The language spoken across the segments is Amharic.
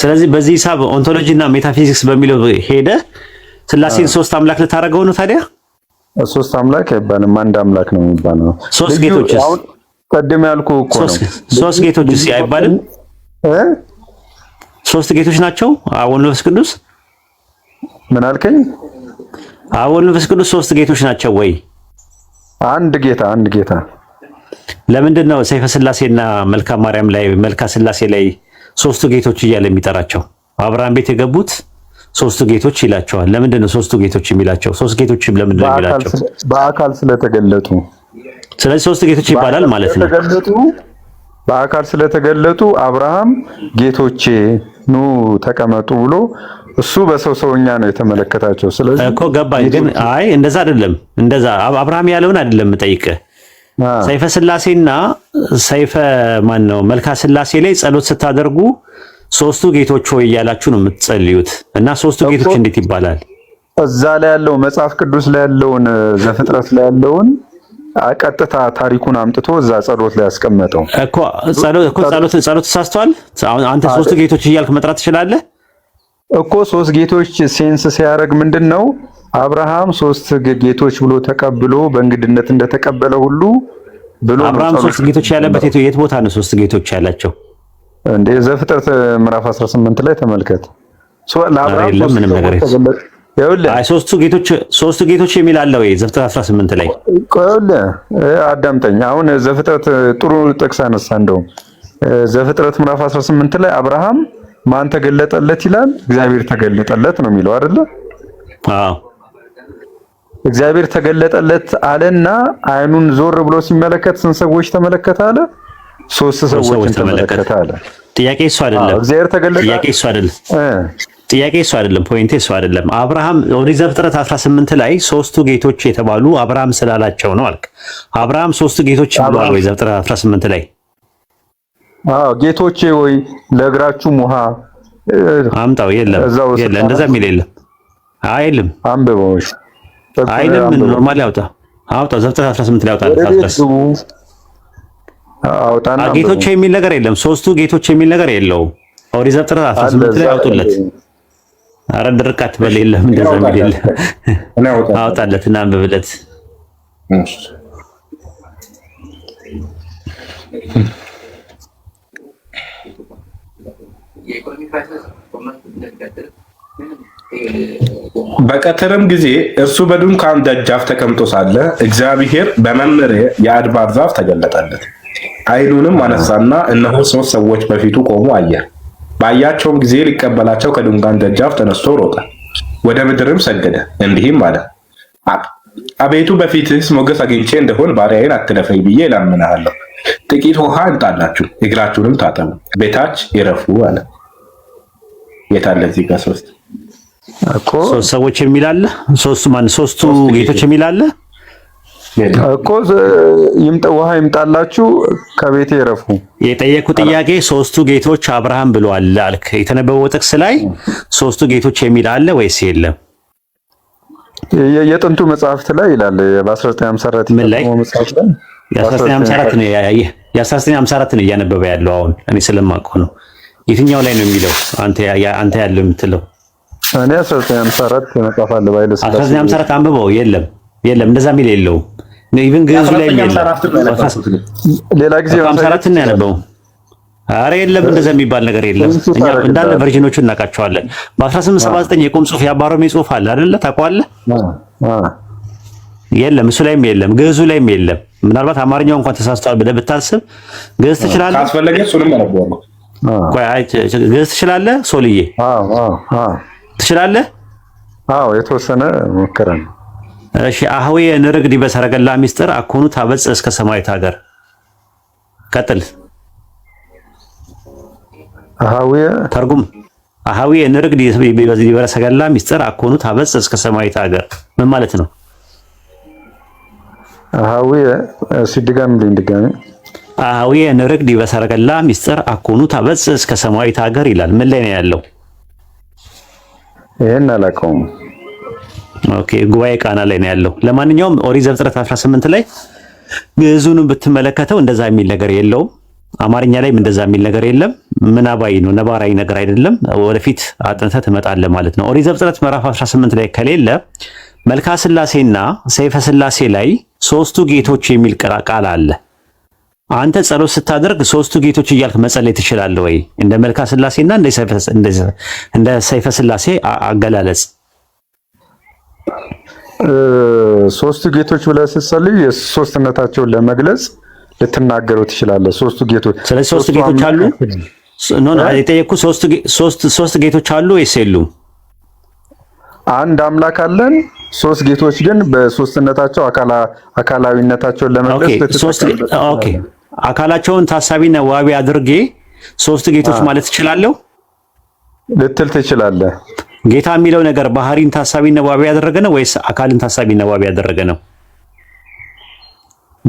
ስለዚህ በዚህ ሂሳብ ኦንቶሎጂ እና ሜታፊዚክስ በሚለው ሄደ ስላሴን ሶስት አምላክ ልታደርገው ነው ታዲያ? ሶስት አምላክ አይባልም፣ አንድ አምላክ ነው የሚባለው። ሶስት ጌቶች ቀደም ያልኩ እኮ ነው። ሶስት ጌቶችስ አይባልም? ሶስት ጌቶች ናቸው አብ ወልድ መንፈስ ቅዱስ። ምን አልከኝ? አብ ወልድ መንፈስ ቅዱስ ሶስት ጌቶች ናቸው ወይ? አንድ ጌታ አንድ ጌታ። ለምንድን ነው ሰይፈ ስላሴና መልካ ማርያም ላይ መልካ ስላሴ ላይ ሶስቱ ጌቶች እያለ የሚጠራቸው አብርሃም ቤት የገቡት ሶስቱ ጌቶች ይላቸዋል። ለምንድን ነው ሶስቱ ጌቶች የሚላቸው? ሶስት ጌቶች ለምንድን ነው የሚላቸው? በአካል ስለተገለጡ። ስለዚህ ሶስት ጌቶች ይባላል ማለት ነው። በአካል ስለተገለጡ አብርሃም ጌቶቼ ኑ ተቀመጡ ብሎ እሱ በሰው ሰውኛ ነው የተመለከታቸው። ስለዚህ እኮ ገባኝ። ግን አይ እንደዛ አይደለም፣ እንደዛ አብርሃም ያለውን አይደለም ጠይቀ ሰይፈ ስላሴና ሰይፈ ማን ነው መልካ ስላሴ ላይ ጸሎት ስታደርጉ ሶስቱ ጌቶች ሆይ እያላችሁ ነው የምትጸልዩት። እና ሶስቱ ጌቶች እንዴት ይባላል? እዛ ላይ ያለው መጽሐፍ ቅዱስ ላይ ያለውን ዘፍጥረት ላይ ያለውን ቀጥታ ታሪኩን አምጥቶ እዛ ጸሎት ላይ ያስቀመጠው እኮ ጸሎት እኮ ጸሎት ጸሎት ተሳስተዋል። አንተ ሶስቱ ጌቶች እያልክ መጥራት ትችላለህ እኮ ሶስት ጌቶች ሴንስ ሲያደርግ ምንድን ነው? አብርሃም ሶስት ጌቶች ብሎ ተቀብሎ በእንግድነት እንደተቀበለ ሁሉ ብሎ አብርሃም ሶስት ጌቶች ያለበት የት ቦታ ነው? ሶስት ጌቶች ያላቸው እንደ ዘፍጥረት ምዕራፍ 18 ላይ ተመልከት። ሶስቱ ጌቶች ሶስቱ ጌቶች የሚል አለ ወይ ዘፍጥረት 18 ላይ? አዳምጠኝ። አሁን ዘፍጥረት ጥሩ ጥቅስ አነሳ። እንደውም ዘፍጥረት ምዕራፍ 18 ላይ አብርሃም ማን ተገለጠለት ይላል? እግዚአብሔር ተገለጠለት ነው የሚለው አይደለ? አዎ እግዚአብሔር ተገለጠለት አለና አይኑን ዞር ብሎ ሲመለከት ስንት ሰዎች ተመለከተ አለ? ሶስት ሰዎች ተመለከተ አለ። ጥያቄ እሱ አይደለም። እግዚአብሔር ተገለጠ። ጥያቄ እሱ አይደለም። ጥያቄ እሱ አይደለም። ፖይንቴ እሱ አይደለም። አብርሃም ኦሪት ዘፍጥረት 18 ላይ ሶስቱ ጌቶች የተባሉ አብርሃም ስላላቸው ነው አልክ። አብርሃም ሶስቱ ጌቶች ብሏል ወይ ዘፍጥረት 18 ላይ? አዎ ጌቶቼ ወይ ለእግራችሁም ውሃ አምጣው። የለም የለም፣ እንደዛ የሚል የለም። አይ የለም፣ አንብበው አይልም። ኖርማል ያውጣ አውጣ። ዘፍጥረት 18 ላይ አውጣ። አውጣና ጌቶች የሚል ነገር የለም። ሶስቱ ጌቶች የሚል ነገር የለውም። ኦሪት ዘፍጥረት 18 ላይ አውጡለት። አረ ድርቃት በል እንደዛ የሚል የለም። አውጣለት እና አንብብለት። የኢኮኖሚ ፋይናንስ በቀትርም ጊዜ እርሱ በድንኳን ደጃፍ ተቀምጦ ሳለ እግዚአብሔር በመምሬ የአድባር ዛፍ ተገለጠለት። ዓይኑንም አነሳና እነሆ ሶስት ሰዎች በፊቱ ቆሙ አየ። ባያቸውም ጊዜ ሊቀበላቸው ከድንኳን ደጃፍ ተነስቶ ሮጠ፣ ወደ ምድርም ሰገደ፣ እንዲህም አለ፣ አቤቱ በፊትህስ ሞገስ አግኝቼ እንደሆን ባሪያዬን አትለፈኝ ብዬ እለምንሃለሁ። ጥቂት ውሃ እንጣላችሁ፣ እግራችሁንም ታጠቡ፣ ቤታች ይረፉ አለ። የታለዚህ ጋር ሶስት እኮ ሶስት ሰዎች የሚል አለ። ሶስቱ ማን ሶስቱ ጌቶች የሚል አለ እኮ ይምጣ፣ ውሃ ይምጣላችሁ፣ ከቤቴ ይረፉ። የጠየቁ ጥያቄ ሶስቱ ጌቶች አብርሃም ብሏል አልክ። የተነበበው ጥቅስ ላይ ሶስቱ ጌቶች የሚል አለ ወይስ የለም? የጥንቱ መጽሐፍት ላይ ይላል። በ1954 ምን ላይ? የ1954 ነው እያነበበ ያለው አሁን። እኔ ስለማውቀው ነው። የትኛው ላይ ነው የሚለው? አንተ ያለው የምትለው እኔ 1954 የመጣፋል ባይል 1954 አንብበው። የለም የለም፣ እንደዛ የሚል የለውም። ኢቭን ግዕዙ ላይ ሌላ ጊዜ ነው ያነበው። አረ የለም፣ እንደዛ የሚባል ነገር የለም። እኛ እንዳለ ቨርዥኖቹ እናውቃቸዋለን። በ1879 የቁም ጽሑፍ የአባሮሜ ጽሑፍ አለ አይደለ? ታውቀዋለህ? የለም፣ እሱ ላይም የለም፣ ግዕዙ ላይም የለም። ምናልባት አማርኛው እንኳን ተሳስተዋል ብለህ ብታስብ ግዕዝ ትችላለህ። ግዕዝ ትችላለህ ሶልዬ? ትችላለህ? አዎ የተወሰነ ሙከራ ነው። እሺ አህዌ ንርግድ በሰረገላ ሚስጥር አኮኑ ታበጽ እስከ ሰማያዊት ሀገር ቀጥል። አህዊ ተርጉም አህዌ ንርግድ በሰረገላ ሚስጥር አኮኑ ታበጽ እስከ ሰማያዊት ሀገር ምን ማለት ነው? አህዊ ሲድጋም ሊንድጋም አህዊ አህዌ ንርግድ በሰረገላ ሚስጥር አኮኑ ታበጽ እስከ ሰማያዊት ሀገር ይላል። ምን ላይ ነው ያለው? ይሄን አላውቀውም። ኦኬ ጉባኤ ቃና ላይ ነው ያለው። ለማንኛውም ኦሪት ዘፍጥረት 18 ላይ ግዕዙንም ብትመለከተው እንደዛ የሚል ነገር የለውም። አማርኛ ላይም እንደዛ የሚል ነገር የለም። ምናባዊ ነው፣ ነባራዊ ነገር አይደለም። ወደፊት አጥንተ ትመጣለህ ማለት ነው። ኦሪት ዘፍጥረት ምዕራፍ 18 ላይ ከሌለ መልካ ስላሴና ሰይፈ ስላሴ ላይ ሶስቱ ጌቶች የሚል ቃል አለ። አንተ ጸሎት ስታደርግ ሶስቱ ጌቶች እያልክ መጸለይ ትችላለህ ወይ? እንደ መልካ ስላሴና እንደ ሰይፈ ስላሴ አገላለጽ ሶስቱ ጌቶች ብለህ ስትጸልይ ሶስትነታቸውን ለመግለጽ ልትናገረው ትችላለህ። ሶስቱ ጌቶች ስለዚህ ሶስቱ ጌቶች አሉ። ኖ የጠየቅኩህ ሶስት ጌቶች አሉ ወይስ የሉም? አንድ አምላክ አለን። ሶስት ጌቶች ግን በሶስትነታቸው አካላዊነታቸውን ለመግለጽ ኦኬ አካላቸውን ታሳቢና ዋቢ አድርጌ ሶስት ጌቶች ማለት እችላለሁ ልትል ትችላለህ። ጌታ የሚለው ነገር ባህሪን ታሳቢና ዋቢ ያደረገ ነው ወይስ አካልን ታሳቢና ዋቢ ያደረገ ነው?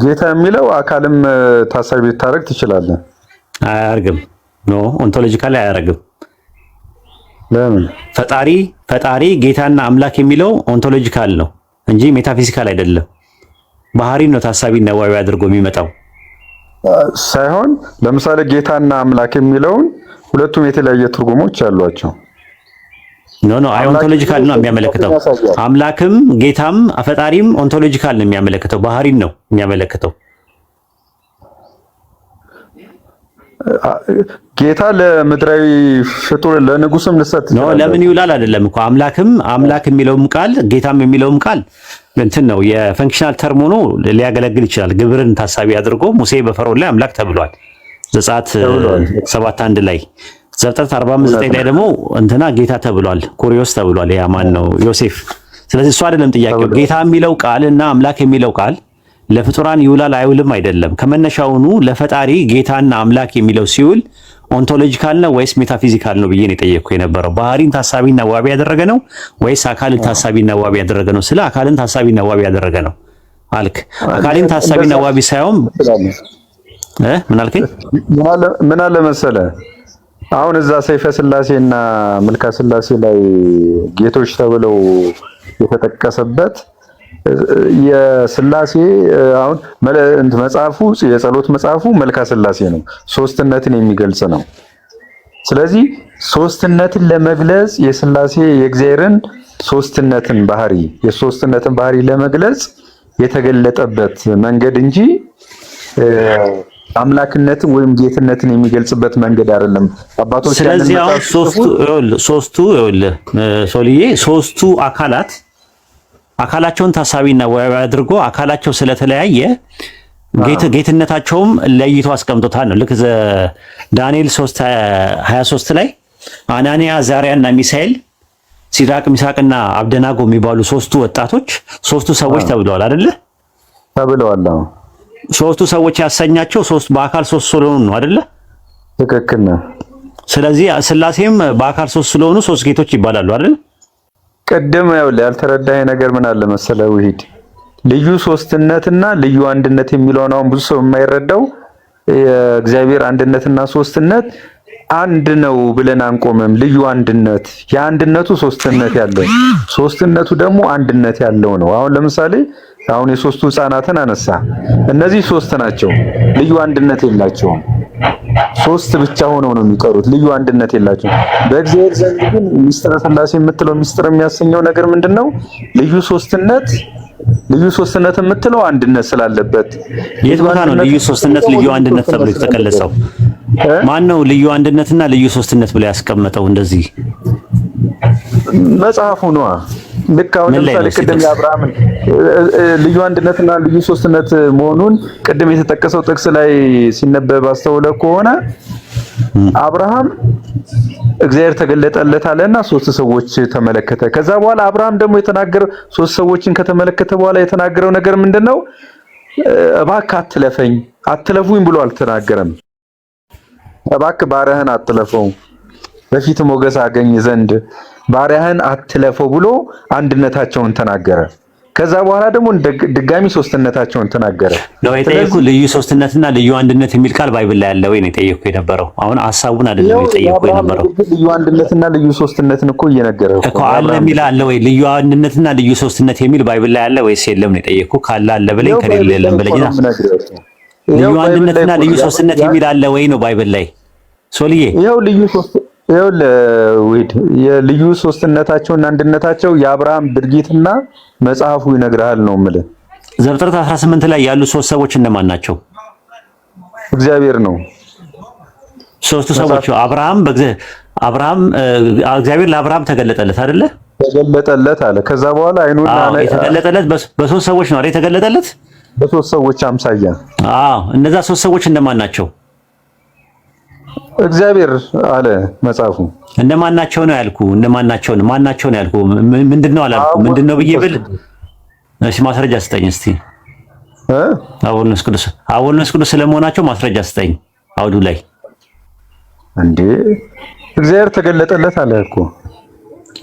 ጌታ የሚለው አካልም ታሳቢ ልታደርግ ትችላለህ። አያርግም። ኖ ኦንቶሎጂካል አያርግም። ለምን? ፈጣሪ ፈጣሪ ጌታና አምላክ የሚለው ኦንቶሎጂካል ነው እንጂ ሜታፊዚካል አይደለም። ባህሪን ነው ታሳቢና ዋቢ አድርጎ የሚመጣው ሳይሆን ለምሳሌ ጌታና አምላክ የሚለውን ሁለቱም የተለያየ ትርጉሞች አሏቸው። ኖ ኖ አይ ኦንቶሎጂካል ነው የሚያመለክተው። አምላክም ጌታም ፈጣሪም ኦንቶሎጂካል ነው የሚያመለክተው፣ ባህሪን ነው የሚያመለክተው። ጌታ ለምድራዊ ፍጡር ለንጉስም ልሰጥ ነው። ለምን ይውላል አይደለም እኮ አምላክም አምላክ የሚለውም ቃል ጌታም የሚለውም ቃል እንትን ነው የፈንክሽናል ተርም ሆኖ ሊያገለግል ይችላል። ግብርን ታሳቢ አድርጎ ሙሴ በፈርዖን ላይ አምላክ ተብሏል። ዘጸአት ሰባት አንድ ላይ ዘፍጥረት 49 ላይ ደግሞ እንትና ጌታ ተብሏል። ኮሪዮስ ተብሏል። ያ ማን ነው? ዮሴፍ። ስለዚህ እሱ አይደለም ጥያቄው ጌታ የሚለው ቃል እና አምላክ የሚለው ቃል ለፍጡራን ይውላል አይውልም አይደለም። ከመነሻውኑ ለፈጣሪ ጌታና አምላክ የሚለው ሲውል ኦንቶሎጂካል ነው ወይስ ሜታፊዚካል ነው ብዬ ነው የጠየቅኩ የነበረው። ባህሪን ታሳቢና ዋቢ ያደረገ ነው ወይስ አካልን ታሳቢና ዋቢ ያደረገ ነው? ስለ አካልን ታሳቢና ዋቢ ያደረገ ነው አልክ። አካልን ታሳቢና ዋቢ ሳይሆን እ ምን አልከኝ? ምን አለ መሰለ አሁን እዛ ሰይፈ ስላሴና መልካ ስላሴ ላይ ጌቶች ተብለው የተጠቀሰበት የስላሴ አሁን መጽሐፉ የጸሎት መጽሐፉ መልካ ስላሴ ነው። ሶስትነትን የሚገልጽ ነው። ስለዚህ ሶስትነትን ለመግለጽ የስላሴ የእግዚአብሔርን ሶስትነትን ባህሪ የሶስትነትን ባህሪ ለመግለጽ የተገለጠበት መንገድ እንጂ አምላክነትን ወይም ጌትነትን የሚገልጽበት መንገድ አይደለም። አባቶች ስለዚህ አሁን ሶስቱ ሶስቱ ሶልዬ ሶስቱ አካላት አካላቸውን ታሳቢና አድርጎ አካላቸው ስለተለያየ ጌትነታቸውም ለይቶ አስቀምጦታል ነው። ልክ ዳንኤል 3 23 ላይ አናንያ ዛሪያና ሚሳኤል ሲድራቅ ሚሳቅና አብደናጎ የሚባሉ ሶስቱ ወጣቶች ሶስቱ ሰዎች ተብለዋል አይደለ? ተብለዋል። ሶስቱ ሰዎች ያሰኛቸው ሶስት በአካል ሶስት ስለሆኑ ነው አይደለ? ትክክል ነው። ስለዚህ ስላሴም በአካል ሶስት ስለሆኑ ሶስት ጌቶች ይባላሉ አይደል? ቅድም ያው ያልተረዳኸኝ ነገር ምን አለ መሰለ ውሂድ ልዩ ሶስትነትና ልዩ አንድነት የሚለውን አሁን ብዙ ሰው የማይረዳው የእግዚአብሔር አንድነትና ሶስትነት አንድ ነው ብለን አንቆምም። ልዩ አንድነት የአንድነቱ ሶስትነት ያለው ሶስትነቱ ደግሞ አንድነት ያለው ነው። አሁን ለምሳሌ አሁን የሶስቱ ህፃናትን አነሳ። እነዚህ ሶስት ናቸው፣ ልዩ አንድነት የላቸውም። ሶስት ብቻ ሆነው ነው የሚቀሩት። ልዩ አንድነት የላቸው። በእግዚአብሔር ዘንድ ግን ሚስጥረ ሥላሴ የምትለው ሚስጥር የሚያሰኘው ነገር ምንድነው? ልዩ ሶስትነት ልዩ ሶስትነት የምትለው አንድነት ስላለበት የት ቦታ ነው ልዩ ሶስትነት ልዩ አንድነት ተብሎ የተጠቀለሰው? ማን ነው ልዩ አንድነትና ልዩ ሶስትነት ብሎ ያስቀመጠው? እንደዚህ መጽሐፉ ነዋ። ልክ አሁን ለምሳሌ ቅድም የአብርሃም ልዩ አንድነትና ልዩ ሶስትነት መሆኑን ቅድም የተጠቀሰው ጥቅስ ላይ ሲነበብ አስተውለ ከሆነ አብርሃም እግዚአብሔር ተገለጠለት አለና ሶስት ሰዎች ተመለከተ። ከዛ በኋላ አብርሃም ደግሞ የተናገረ ሶስት ሰዎችን ከተመለከተ በኋላ የተናገረው ነገር ምንድን ነው? እባክህ አትለፈኝ፣ አትለፉኝ ብሎ አልተናገረም። እባክህ ባሪያህን አትለፈው በፊት ሞገስ አገኝ ዘንድ ባሪያህን አትለፈው ብሎ አንድነታቸውን ተናገረ። ከዛ በኋላ ደግሞ ድጋሚ ሶስትነታቸውን ተናገረ። ነው የጠየኩህ። ልዩ ሶስትነትና ልዩ አንድነት የሚል ቃል ባይብል ላይ ያለ ወይ ነው የጠየኩህ የነበረው? አሁን ሀሳቡን አይደለም የጠየኩህ የነበረው። ልዩ አንድነትና ልዩ ሶስትነትን እኮ እየነገረ እኮ አለ የሚል አለ ወይ? ልዩ አንድነትና ልዩ ሶስትነት የሚል ባይብል ላይ ያለ ወይስ የለም ነው የጠየኩህ። ካለ አለ ብለኝ ከሌለ የለም ብለኝና ልዩ አንድነትና ልዩ ሶስትነት የሚል አለ ወይ ነው ባይብል ላይ ሶልዬ? ይኸው ልዩ ሶስት ይኸውልህ ውሂድ የልዩ ሶስትነታቸውና አንድነታቸው የአብርሃም ድርጊትና መጽሐፉ ይነግርሃል ነው የምልህ። ዘፍጥረት 18 ላይ ያሉ ሶስት ሰዎች እነማን ናቸው? እግዚአብሔር ነው። ሶስቱ ሰዎች አብርሃም አብርሃም እግዚአብሔር ለአብርሃም ተገለጠለት አይደለ? ተገለጠለት አለ። ከዛ በኋላ አይኑን የተገለጠለት በሶስት ሰዎች ነው አይደል? የተገለጠለት በሶስት ሰዎች አምሳያ። አዎ እነዛ ሶስት ሰዎች እነማን ናቸው? እግዚአብሔር አለ መጽሐፉ። እንደማናቸው ነው ያልኩ፣ እንደማናቸው ነው ማናቸው ነው ያልኩ። ምንድነው አላልኩ። ምንድነው ብዬ ብል እሺ፣ ማስረጃ ስጠኝ እስቲ። አብ ቅዱስ አብ ቅዱስ ስለመሆናቸው ማስረጃ ስጠኝ። አውዱ ላይ እንዴ እግዚአብሔር ተገለጠለት አለ እኮ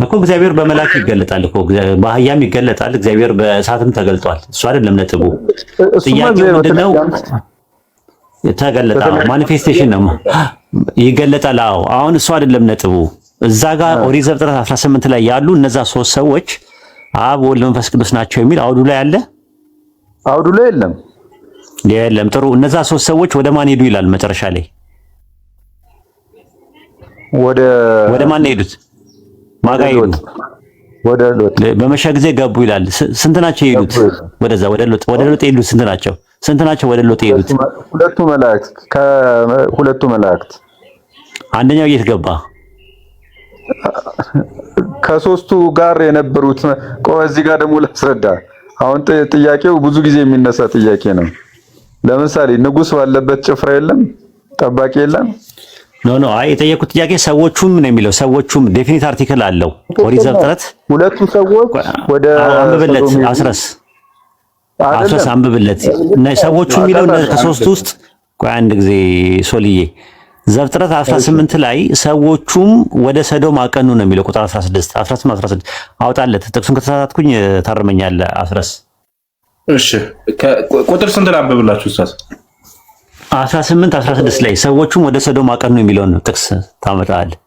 እኮ እግዚአብሔር በመላክ ይገለጣል እኮ በአህያም ይገለጣል። እግዚአብሔር በእሳትም ተገልጧል። እሱ አይደለም ነጥቡ። ጥያቄው ምንድነው? ተገለጠ። ማኒፌስቴሽን ነው ይገለጣል። አዎ አሁን እሱ አይደለም ነጥቡ። እዛ ጋር ኦሪት ዘፍጥረት 18 ላይ ያሉ እነዛ ሶስት ሰዎች አብ ወልድ መንፈስ ቅዱስ ናቸው የሚል አውዱ ላይ አለ? አውዱ ላይ የለም። የለም። ጥሩ። እነዛ ሶስት ሰዎች ወደ ማን ሄዱ ይላል መጨረሻ ላይ ወደ ወደ ማን ሄዱት? ማጋ ሄዱ። ወደ ሎጥ በመሸ ጊዜ ገቡ ይላል። ስንት ናቸው የሄዱት? ወደዛ ወደ ሎጥ ወደ ሎጥ የሄዱት ስንት ናቸው? ስንት ናቸው ወደ ሎጥ የሄዱት? ሁለቱ መላእክት ከሁለቱ መላእክት አንደኛው የት ገባ? ከሶስቱ ጋር የነበሩት ቆይ፣ እዚህ ጋር ደግሞ ላስረዳ። አሁን ጥያቄው ብዙ ጊዜ የሚነሳ ጥያቄ ነው። ለምሳሌ ንጉስ ባለበት ጭፍራ የለም፣ ጠባቂ የለም። ኖ ኖ፣ አይ የጠየቁት ጥያቄ ሰዎቹም ነው የሚለው። ሰዎቹም ዴፊኒት አርቲክል አለው ኦሪት ዘፍጥረት። ሁለቱ ሰዎች ወደ አንብብለት አስረስ አፍሰስ አንብብለት። ሰዎቹ የሚለው ከሶስት ውስጥ ቆይ አንድ ጊዜ ሶልዬ ዘፍጥረት 18 ላይ ሰዎቹም ወደ ሰዶም አቀኑ ነው የሚለው ቁጥር 16 18 16 አውጣለት። ጥቅሱን ከተሳሳትኩኝ ታርመኛለህ አፍረስ። እሺ ቁጥር ስንት አንብብላችሁ ስታስ 18 16 ላይ ሰዎቹም ወደ ሰዶም አቀኑ የሚለውን ጥቅስ ታመጣለህ።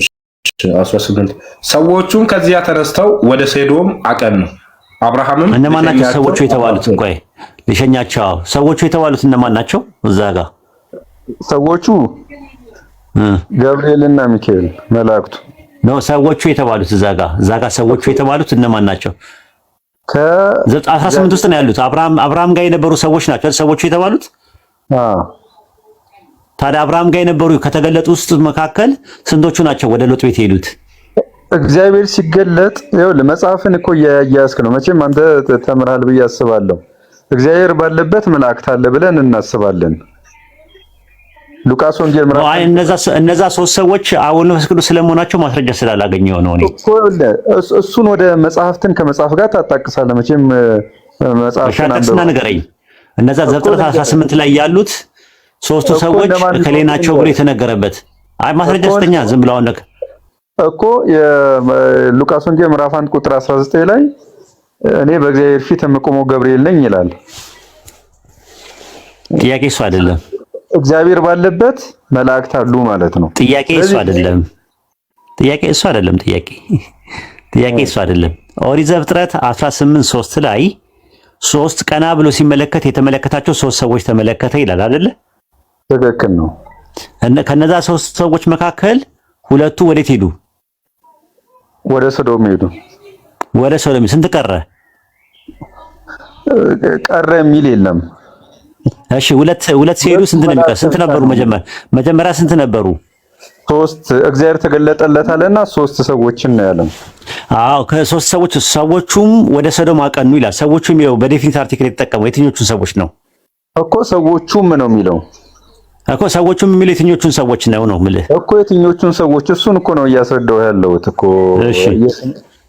እሺ 18 ሰዎቹም ከዚያ ተነስተው ወደ ሰዶም አቀኑ አብርሃምም እነማን ናቸው ሰዎቹ የተባሉት? እንኳን ልሸኛቸው ሰዎቹ የተባሉት እነማን ናቸው? እዛ ጋ ሰዎቹ እና ሚካኤል መላእክቱ ነው። ሰዎቹ የተባሉት እዛ ጋ እዛ ጋ ሰዎቹ የተባሉት እነማን ናቸው? ከአስራ ስምንት ውስጥ ነው ያሉት። አብርሃም አብርሃም ጋር የነበሩ ሰዎች ናቸው ሰዎቹ የተባሉት። ታዲያ አብርሃም ጋር የነበሩ ከተገለጡ ውስጥ መካከል ስንቶቹ ናቸው ወደ ሎጥ ቤት የሄዱት? እግዚአብሔር ሲገለጥ ይኸውልህ መጽሐፍን እኮ እያያዝክ ነው። መቼም አንተ ተምርሃል ብዬ አስባለሁ። እግዚአብሔር ባለበት መላእክት አለ ብለን እናስባለን። ሉቃስ ወንጌል ምራፍ አይ እነዛ እነዛ ሶስት ሰዎች አሁን መንፈስ ቅዱስ ስለመሆናቸው ማስረጃ ስላላገኘው ነው። እኔ እኮ እሱን ወደ መጽሐፍትን ከመጽሐፍ ጋር ታጣቅሳለህ። መቼም መጽሐፍትን አንተ ነገረኝ። እነዛ ዘፍጥረት 18 ላይ ያሉት ሶስቱ ሰዎች ከሌናቸው ብሎ የተነገረበት አይ ማስረጃ ስተኛ ዝም ብለው አንደክ እኮ የሉቃስ ወንጌል ምዕራፍ 1 ቁጥር 19 ላይ እኔ በእግዚአብሔር ፊት የምቆመው ገብርኤል ነኝ ይላል። ጥያቄ እሱ አይደለም። እግዚአብሔር ባለበት መላእክት አሉ ማለት ነው። ጥያቄ እሱ አይደለም። ጥያቄ እሱ አይደለም። ጥያቄ ጥያቄ እሱ አይደለም። ኦሪት ዘፍጥረት 18:3 ላይ ሶስት ቀና ብሎ ሲመለከት የተመለከታቸው ሶስት ሰዎች ተመለከተ ይላል አይደለ? ትክክል ነው። ከነዛ ሶስት ሰዎች መካከል ሁለቱ ወዴት ሄዱ? ወደ ሶዶም ሄዱ። ወደ ሶዶም ስንት ቀረ? ቀረ የሚል የለም። እሺ ሁለት ሁለት ሲሄዱ ስንት ነው የሚቀር? ስንት ነበሩ? መጀመሪያ መጀመሪያ ስንት ነበሩ? ሶስት እግዚአብሔር አለና ሶስት ሰዎችን ነው ያለው። አዎ ከሶስት ሰዎች ሰዎቹም ወደ ሶዶም አቀኑ ይላል። ሰዎቹ የሚለው በዴፊኒት አርቲክል የተጠቀመው የትኞቹን ሰዎች ነው እኮ? ሰዎቹም ነው የሚለው እኮ ሰዎቹም የሚል የትኞቹን ሰዎች ነው ነው የምልህ እኮ የትኞቹን ሰዎች እሱን እኮ ነው እያስረዳው ያለሁት እኮ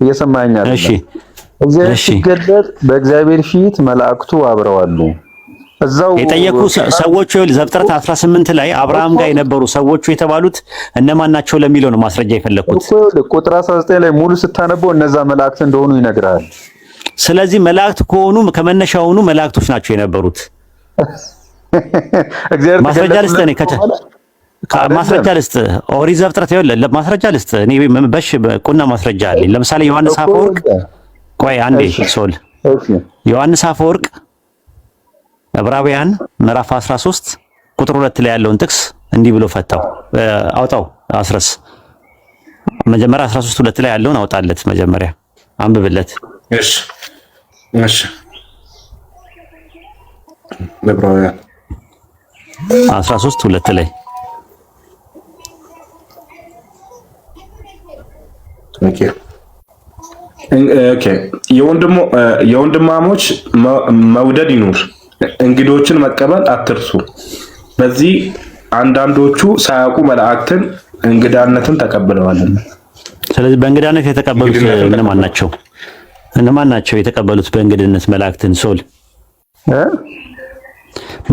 እየሰማኛል። እሺ እግዚአብሔር ሲገለጥ በእግዚአብሔር ፊት መላእክቱ አብረዋሉ። እዛው የጠየቁ ሰዎቹ ዘፍጥረት 18 ላይ አብርሃም ጋር የነበሩ ሰዎቹ የተባሉት እነማን ናቸው ለሚለው ነው ማስረጃ የፈለኩት። ቁጥር 19 ላይ ሙሉ ስታነበው እነዛ መላእክት እንደሆኑ ይነግራል። ስለዚህ መላእክት ከሆኑ ከመነሻውኑ መላእክቶች ናቸው የነበሩት ማስረጃ ልስጥ እኔ ማስረጃ ልስጥ ኦሪት ዘፍጥረት ይኸውልህ፣ ማስረጃ ልስጥ እኔ በሽ ቁና ማስረጃ አለኝ። ለምሳሌ ዮሐንስ አፈወርቅ ቆይ አንዴ ሶል ዮሐንስ አፈወርቅ ዕብራውያን ምዕራፍ 13 ቁጥር ሁለት ላይ ያለውን ጥቅስ እንዲህ ብሎ ፈታው። አውጣው አስረስ መጀመሪያ 13 ሁለት ላይ ያለውን አውጣለት መጀመሪያ አንብብለት። እሺ እሺ ዕብራውያን አስራ ሦስት ሁለት ላይ የወንድማሞች መውደድ ይኑር። እንግዶችን መቀበል አትርሱ። በዚህ አንዳንዶቹ ሳያውቁ መላእክትን እንግዳነትን ተቀብለዋልና። ስለዚህ በእንግዳነት የተቀበሉት እነማን ናቸው? እነማን ናቸው የተቀበሉት በእንግድነት መላእክትን ሶል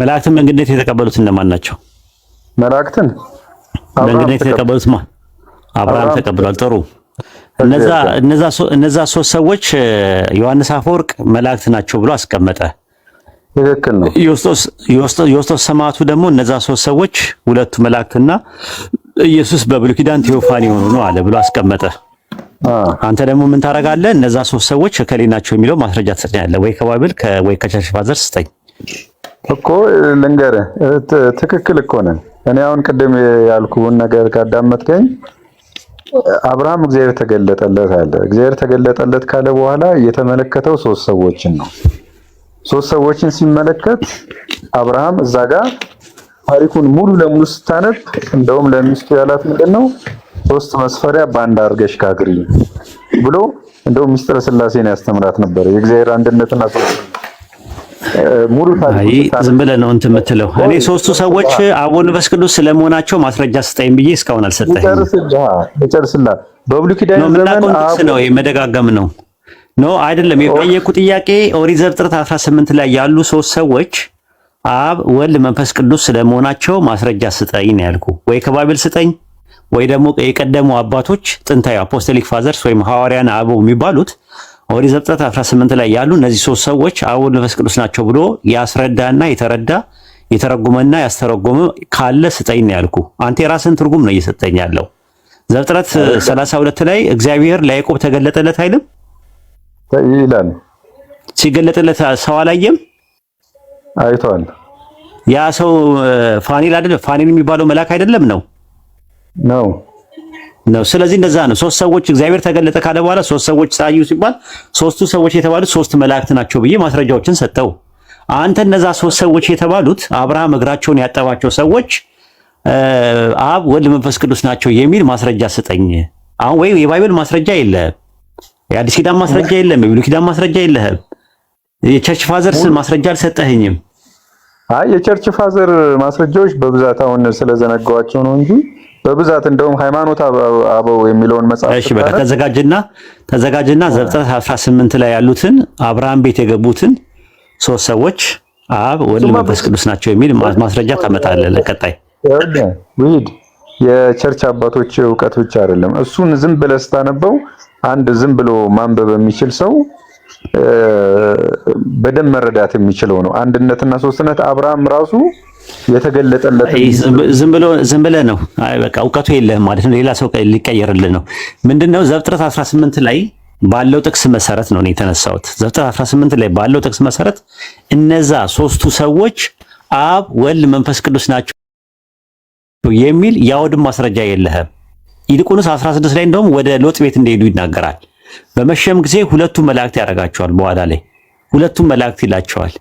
መላእክትን በእንግድነት የተቀበሉት እነማን ናቸው? መላእክትን በእንግድነት የተቀበሉት ማን? አብርሃም ተቀብሏል። ጥሩ። እነዛ እነዛ እነዛ ሶስት ሰዎች ዮሐንስ አፈወርቅ መላእክት ናቸው ብሎ አስቀመጠ። ትክክል ነው። ዮስጦስ ሰማዕቱ ደግሞ እነዛ ሶስት ሰዎች ሁለቱ መላእክትና ኢየሱስ በብሉይ ኪዳን ቴዎፋኒ የሆኑ ነው አለ ብሎ አስቀመጠ። አንተ ደግሞ ምን ታደርጋለህ? እነዛ ሶስት ሰዎች እከሌ ናቸው የሚለው ማስረጃ ትሰጠኛለህ ወይ ከባይብል ወይ ከቸርች ፋዘር ስጠኝ። እኮ ልንገር፣ ትክክል እኮ ነን። እኔ አሁን ቅድም ያልኩህን ነገር ካዳመጥከኝ አብርሃም እግዚአብሔር ተገለጠለት አለ። እግዚአብሔር ተገለጠለት ካለ በኋላ የተመለከተው ሶስት ሰዎችን ነው። ሶስት ሰዎችን ሲመለከት አብርሃም እዛ ጋር ታሪኩን ሙሉ ለሙሉ ስታነብ እንደውም ለሚስቱ ያላት ምንድን ነው ሶስት መስፈሪያ በአንድ አድርገሽ ካግሪ ብሎ እንደውም ሚስጥረ ስላሴን ያስተምራት ነበር የእግዚአብሔር አንድነትና ሶስት ሙሉ ዝም ብለህ ነው እንትን የምትለው። እኔ ሶስቱ ሰዎች አብ ወልድ መንፈስ ቅዱስ ስለመሆናቸው ማስረጃ ስጠኝ ብዬ እስካሁን አልሰጠኝ። ጨርስልሃል። በብሉይ ኪዳን የምናውቀው ጥቅስ ነው፣ የመደጋገም ነው። ኖ አይደለም። የጠየቁ ጥያቄ ኦሪት ዘፍጥረት 18 ላይ ያሉ ሶስት ሰዎች አብ ወልድ መንፈስ ቅዱስ ስለመሆናቸው ማስረጃ ስጠኝ ነው ያልኩ። ወይ ከባቢል ስጠኝ ወይ ደግሞ የቀደሙ አባቶች ጥንታዊ አፖስቶሊክ ፋዘርስ ወይም ሐዋርያን አበው የሚባሉት ኦሪት ዘፍጥረት 18 ላይ ያሉ እነዚህ ሶስት ሰዎች አብ ወልድ መንፈስ ቅዱስ ናቸው ብሎ ያስረዳና የተረዳ የተረጎመና ያስተረጎመ ካለ ስጠኝ ነው ያልኩ። አንተ የራስን ትርጉም ነው እየሰጠኝ ያለው። ዘፍጥረት 32 ላይ እግዚአብሔር ለያዕቆብ ተገለጠለት አይልም ይላል። ሲገለጥለት ሰው አላየም፣ አይቷል። ያ ሰው ፋኒል አይደለም? ፋኒል የሚባለው መልአክ አይደለም ነው ነው ነው። ስለዚህ እንደዛ ነው። ሶስት ሰዎች እግዚአብሔር ተገለጠ ካለ በኋላ ሶስት ሰዎች ታዩ ሲባል ሶስቱ ሰዎች የተባሉት ሶስት መላእክት ናቸው ብዬ ማስረጃዎችን ሰጠው። አንተ እነዛ ሶስት ሰዎች የተባሉት አብርሃም እግራቸውን ያጠባቸው ሰዎች አብ፣ ወልድ፣ መንፈስ ቅዱስ ናቸው የሚል ማስረጃ ስጠኝ። አሁን ወይ የባይብል ማስረጃ የለህም፣ የአዲስ ኪዳን ማስረጃ የለም የብሉይ ኪዳን ማስረጃ የለህም፣ የቸርች ፋዘር ስል ማስረጃ አልሰጠህኝም አይ የቸርች ፋዘር ማስረጃዎች በብዛት አሁን ስለዘነጋዋቸው ነው እንጂ በብዛት እንደውም ሃይማኖት አበው የሚለውን መጽሐፍ እሺ፣ በቃ ተዘጋጅና ተዘጋጅና ዘፍጥረት 18 ላይ ያሉትን አብርሃም ቤት የገቡትን ሶስት ሰዎች አብ፣ ወልድ፣ መንፈስ ቅዱስ ናቸው የሚል ማስረጃ ታመጣለህ። ለቀጣይ ውሂድ የቸርች አባቶች እውቀት ብቻ አይደለም። እሱን ዝም ብለህ ስታነበው አንድ ዝም ብሎ ማንበብ የሚችል ሰው በደንብ መረዳት የሚችለው ነው። አንድነትና ሶስትነት አብርሃም ራሱ የተገለጠለት ዝም ብለህ ነው። አይ በቃ እውቀቱ የለህም ማለት ነው። ሌላ ሰው ሊቀየርልህ ነው። ምንድነው ዘፍጥረት 18 ላይ ባለው ጥቅስ መሰረት ነው የተነሳሁት። ዘፍጥረት 18 ላይ ባለው ጥቅስ መሰረት እነዛ ሶስቱ ሰዎች አብ፣ ወልድ፣ መንፈስ ቅዱስ ናቸው የሚል የአይሁድን ማስረጃ የለህም። ይልቁንስ 16 ላይ እንደውም ወደ ሎጥ ቤት እንደሄዱ ይናገራል። በመሸም ጊዜ ሁለቱ መላእክት ያደርጋቸዋል። በኋላ ላይ ሁለቱም መላእክት ይላቸዋል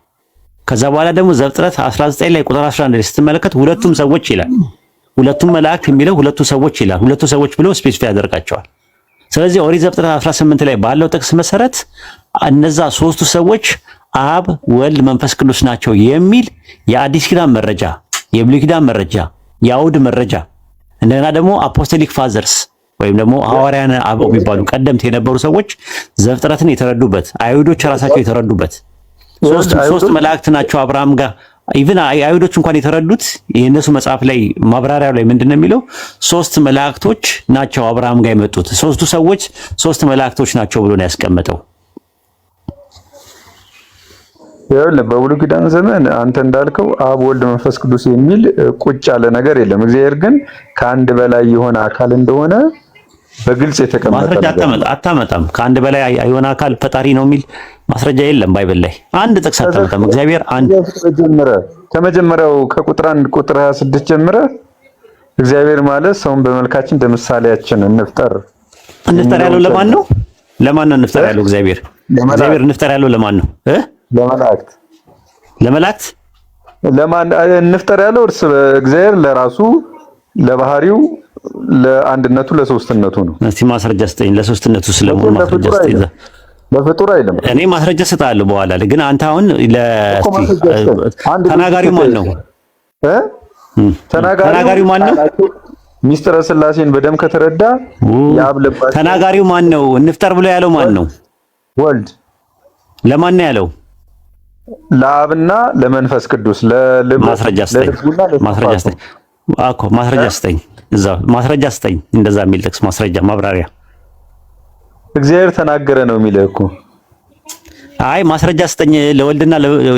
ከዛ በኋላ ደግሞ ዘፍጥረት 19 ላይ ቁጥር 11 ላይ ስትመለከት ሁለቱም ሰዎች ይላል። ሁለቱም መላእክት የሚለው ሁለቱ ሰዎች ይላል። ሁለቱ ሰዎች ብሎ ስፔሲፋይ ያደርጋቸዋል። ስለዚህ ኦሪት ዘፍጥረት 18 ላይ ባለው ጥቅስ መሰረት እነዛ ሶስቱ ሰዎች አብ፣ ወልድ፣ መንፈስ ቅዱስ ናቸው የሚል የአዲስ ኪዳን መረጃ፣ የብሉይ ኪዳን መረጃ፣ የአውድ መረጃ እንደገና ደግሞ አፖስቶሊክ ፋዘርስ ወይም ደግሞ ሐዋርያን አበው የሚባሉ ቀደምት የነበሩ ሰዎች ዘፍጥረትን የተረዱበት አይሁዶች ራሳቸው የተረዱበት ሶስት መላእክት ናቸው አብርሃም ጋር ኢቭን አይሁዶች እንኳን የተረዱት የእነሱ መጽሐፍ ላይ ማብራሪያው ላይ ምንድን ነው የሚለው? ሶስት መላእክቶች ናቸው አብርሃም ጋር የመጡት ሶስቱ ሰዎች ሶስት መላእክቶች ናቸው ብሎ ነው ያስቀመጠው። ይኸውልህ በብሉይ ኪዳን ዘመን አንተ እንዳልከው አብ፣ ወልድ፣ መንፈስ ቅዱስ የሚል ቁጭ ያለ ነገር የለም። እግዚአብሔር ግን ከአንድ በላይ የሆነ አካል እንደሆነ በግልጽ የተቀመጠ አታመጣም። ከአንድ በላይ የሆነ አካል ፈጣሪ ነው የሚል ማስረጃ የለም። ባይብል ላይ አንድ ጥቅስ አታመጣም። እግዚአብሔር አንድ ከመጀመሪያው ከቁጥር አንድ ቁጥር 26 ጀምረ እግዚአብሔር ማለት ሰውን በመልካችን እንደ ምሳሌያችን እንፍጠር እንፍጠር ያለው ለማን ነው? ለማን ነው እንፍጠር ያለው? እግዚአብሔር እግዚአብሔር እንፍጠር ያለው ለማን ነው? ለመላእክት ለመላእክት ለማን እንፍጠር ያለው? እርስ እግዚአብሔር ለራሱ ለባህሪው ለአንድነቱ ለሶስትነቱ ነው። እስቲ ማስረጃ ስጠኝ። ለሶስትነቱ ስለሆነ ማስረጃ ስጠኝ። ለፍጡር አይደለም። እኔ ማስረጃ ስጣለሁ በኋላ ላይ ግን አንተ አሁን ተናጋሪው ማን ነው? ተናጋሪው ማን ነው? ሚስጥረ ስላሴን በደም ከተረዳ የአብ ልባቸው ተናጋሪው ማን ነው? እንፍጠር ብሎ ያለው ማን ነው? ወልድ ለማን ነው ያለው? ለአብና ለመንፈስ ቅዱስ ለልብ ማስረጃ ስጠኝ። ማስረጃ ስጠኝ። አኮ ማስረጃ ስጠኝ፣ እዛ ማስረጃ ስጠኝ፣ እንደዛ የሚል ጥቅስ ማስረጃ፣ ማብራሪያ እግዚአብሔር ተናገረ ነው የሚለው እኮ። አይ ማስረጃ ስጠኝ፣ ለወልድና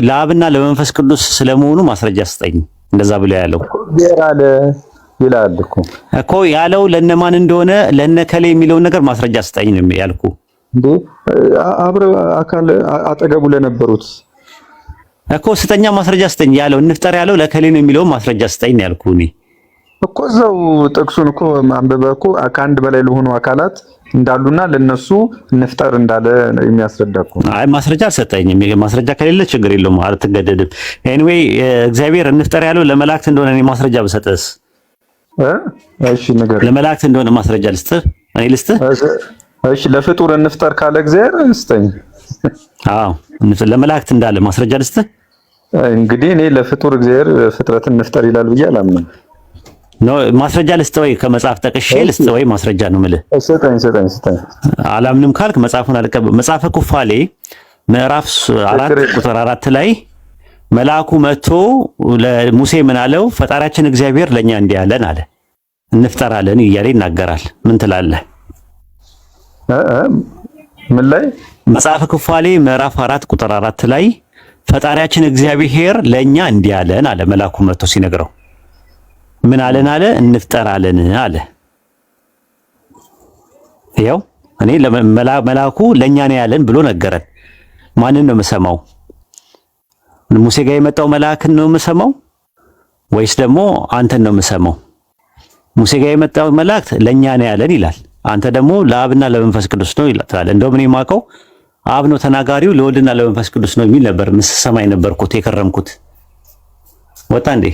ለአብና ለመንፈስ ቅዱስ ስለመሆኑ ማስረጃ ስጠኝ፣ እንደዛ ብሎ ያለው እግዚአብሔር አለ ይላል እኮ እኮ ያለው ለነማን እንደሆነ ለነከሌ የሚለውን ነገር ማስረጃ ስጠኝ ነው ያልኩ። እንዴ አካል አጠገቡ ለነበሩት እኮ ስጠኛ ማስረጃ ስጠኝ ያለው እንፍጠር ያለው ለከሌ ነው የሚለውን ማስረጃ ስጠኝ ነው ያልኩ እኔ። እኮ እዛው ጥቅሱን እኮ ማንበብህ እኮ ከአንድ በላይ ለሆኑ አካላት እንዳሉና ለነሱ እንፍጠር እንዳለ የሚያስረዳ እኮ አይ ማስረጃ አልሰጠኝም። ማስረጃ ከሌለ ችግር የለውም አልትገደድም ኤኒዌይ እግዚአብሔር እንፍጠር ያለው ለመላእክት እንደሆነ እኔ ማስረጃ ብሰጠስ እሺ ንገረኝ። ለመላእክት እንደሆነ ማስረጃ ልስጥህ? እኔ ልስጥህ? እሺ ለፍጡር እንፍጠር ካለ እግዚአብሔር ስጠኝ። አዎ ለመላእክት እንዳለ ማስረጃ ልስጥህ? እንግዲህ እኔ ለፍጡር እግዚአብሔር ፍጥረትን እንፍጠር ይላል ብዬ አላምንም። ማስረጃ ልስጥህ ወይ? ከመጽሐፍ ጠቅሼ ልስጥህ ወይ? ማስረጃ ነው የምልህ። ስጠኝ ስጠኝ ስጠኝ። አላምንም ካልክ መጽሐፉን አልቀበል። መጽሐፈ ኩፋሌ ምዕራፍ አራት ቁጥር አራት ላይ መልአኩ መጥቶ ለሙሴ ምን አለው? ፈጣሪያችን እግዚአብሔር ለእኛ እንዲህ ያለን አለ እንፍጠራለን እያለ ይናገራል። ምን ትላለህ? ምን ላይ መጽሐፈ ኩፋሌ ምዕራፍ አራት ቁጥር አራት ላይ ፈጣሪያችን እግዚአብሔር ለእኛ እንዲህ ያለን አለ መልአኩ መጥቶ ሲነግረው ምን አለን አለ እንፍጠር አለ። ይኸው እኔ መላኩ ለእኛ ነው ያለን ብሎ ነገረን። ማንን ነው የምሰማው? ሙሴ ጋር የመጣው መልአክን ነው የምሰማው ወይስ ደግሞ አንተን ነው የምሰማው? ሙሴ ጋር የመጣው መልአክ ለእኛ ነው ያለን ይላል። አንተ ደግሞ ለአብና ለመንፈስ ቅዱስ ነው ይላል። እንደውም እኔ የማውቀው አብ ነው ተናጋሪው፣ ለወልድና ለመንፈስ ቅዱስ ነው የሚል ነበር። ምስ ሰማይ ነበርኩት የከረምኩት። ወጣ እንዴ